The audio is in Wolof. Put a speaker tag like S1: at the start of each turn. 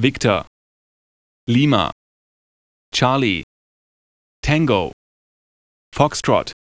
S1: Victor, Lima, Charlie, Tango, Foxtrot.